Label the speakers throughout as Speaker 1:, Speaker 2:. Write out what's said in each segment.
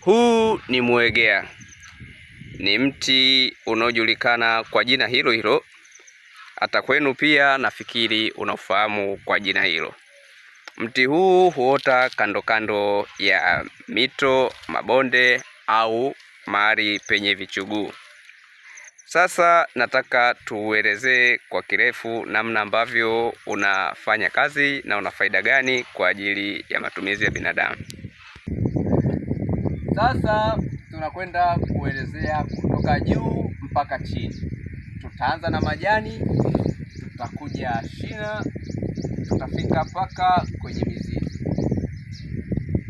Speaker 1: Huu ni mwegea, ni mti unaojulikana kwa jina hilo hilo. Hata kwenu pia nafikiri unaofahamu kwa jina hilo. Mti huu huota kando kando ya mito, mabonde au mahali penye vichuguu. Sasa nataka tuuelezee kwa kirefu namna ambavyo unafanya kazi na una faida gani kwa ajili ya matumizi ya binadamu. Sasa tunakwenda kuelezea kutoka juu mpaka chini. Tutaanza na majani, tutakuja shina, tutafika mpaka kwenye mizizi.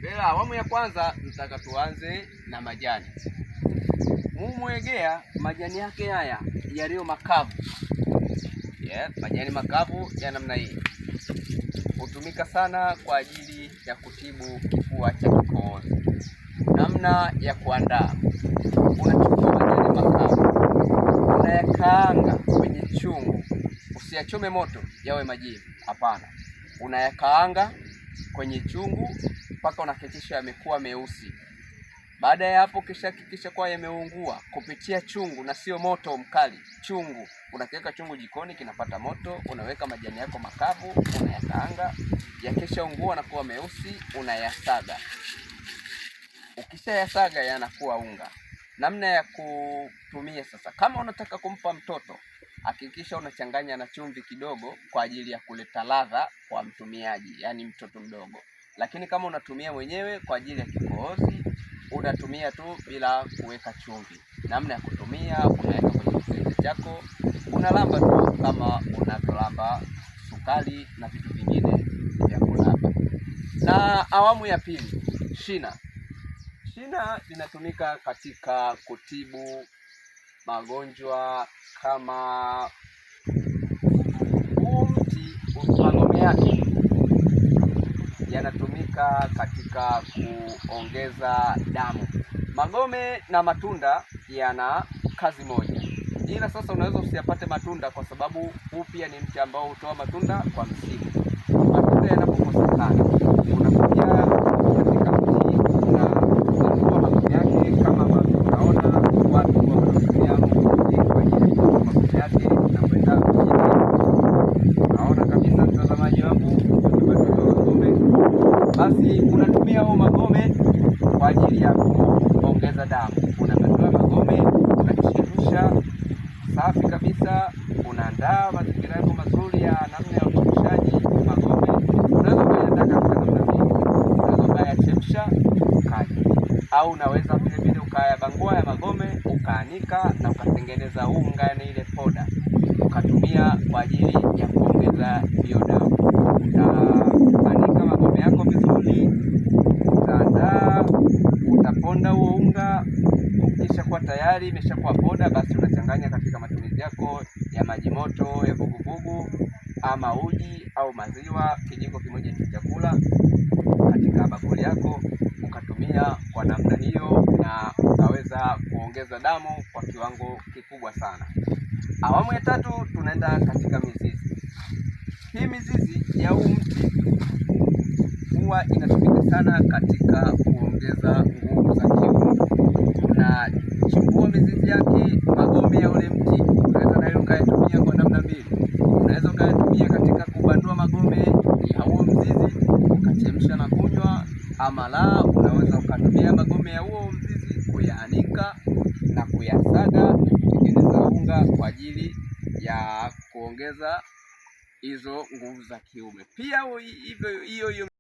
Speaker 1: Bila awamu ya kwanza, nataka tuanze na majani. Mumwegea majani yake haya yaliyo makavu. Yeah, majani makavu ya namna hii hutumika sana kwa ajili ya kutibu kifua cha kikohozi. Namna ya kuandaa: unachukua majani makavu, unayakaanga kwenye chungu. Usiyachome moto yawe majivu, hapana. Unayakaanga kwenye chungu mpaka unahakikisha yamekuwa meusi. Baada ya hapo, ukishahakikisha kuwa yameungua kupitia chungu na sio moto mkali, chungu unakiweka chungu jikoni, kinapata moto, unaweka majani yako makavu, unayakaanga. Yakishaungua na kuwa meusi, unayasaga. Ukishayasaga yanakuwa unga. Namna ya kutumia sasa, kama unataka kumpa mtoto, hakikisha unachanganya na chumvi kidogo kwa ajili ya kuleta ladha kwa mtumiaji, yaani mtoto mdogo. Lakini kama unatumia mwenyewe kwa ajili ya kikohozi, unatumia tu bila kuweka chumvi. Namna ya kutumia, unaweka kwenye kisaiza chako, unalamba tu kama unavyolamba sukari na vitu vingine vya kulamba. Na awamu ya pili, shina Shina linatumika katika kutibu magonjwa kama huu mti, magome yake yanatumika katika kuongeza damu. Magome na matunda yana kazi moja, ila sasa unaweza usiyapate matunda kwa sababu huu pia ni mti ambao hutoa matunda kwa msimu. Matunda yanapokosekana basi unatumia huu magome kwa ajili ya kuongeza damu. Unapindua magome, unachemsha safi kabisa, unaandaa mazingira yako mazuri ya namna ya uchemshaji magome. Unaweza ukaandaa katika namna mbili, unaweza ukayachemsha ukaji, au unaweza vile vile ukayabangua ya magome ukaanika na ukatengeneza unga, yaani ile poda, ukatumia kwa ajili ya kuongeza hiyo imeshakuwa tayari, imeshakuwa poda, basi unachanganya katika matumizi yako ya maji moto ya vuguvugu ama uji au maziwa, kijiko kimoja cha chakula katika bakuli yako, ukatumia kwa namna hiyo, na ukaweza kuongeza damu kwa kiwango kikubwa sana. Awamu ya tatu tunaenda katika mizizi. Hii mizizi ya huu mti huwa inatumika sana katika kuongeza nguvu ama la, unaweza ukatumia magome ya huo mzizi kuyaanika na kuyasaga kutengeneza unga kwa ajili ya kuongeza hizo nguvu za kiume. Pia hiyo hiyo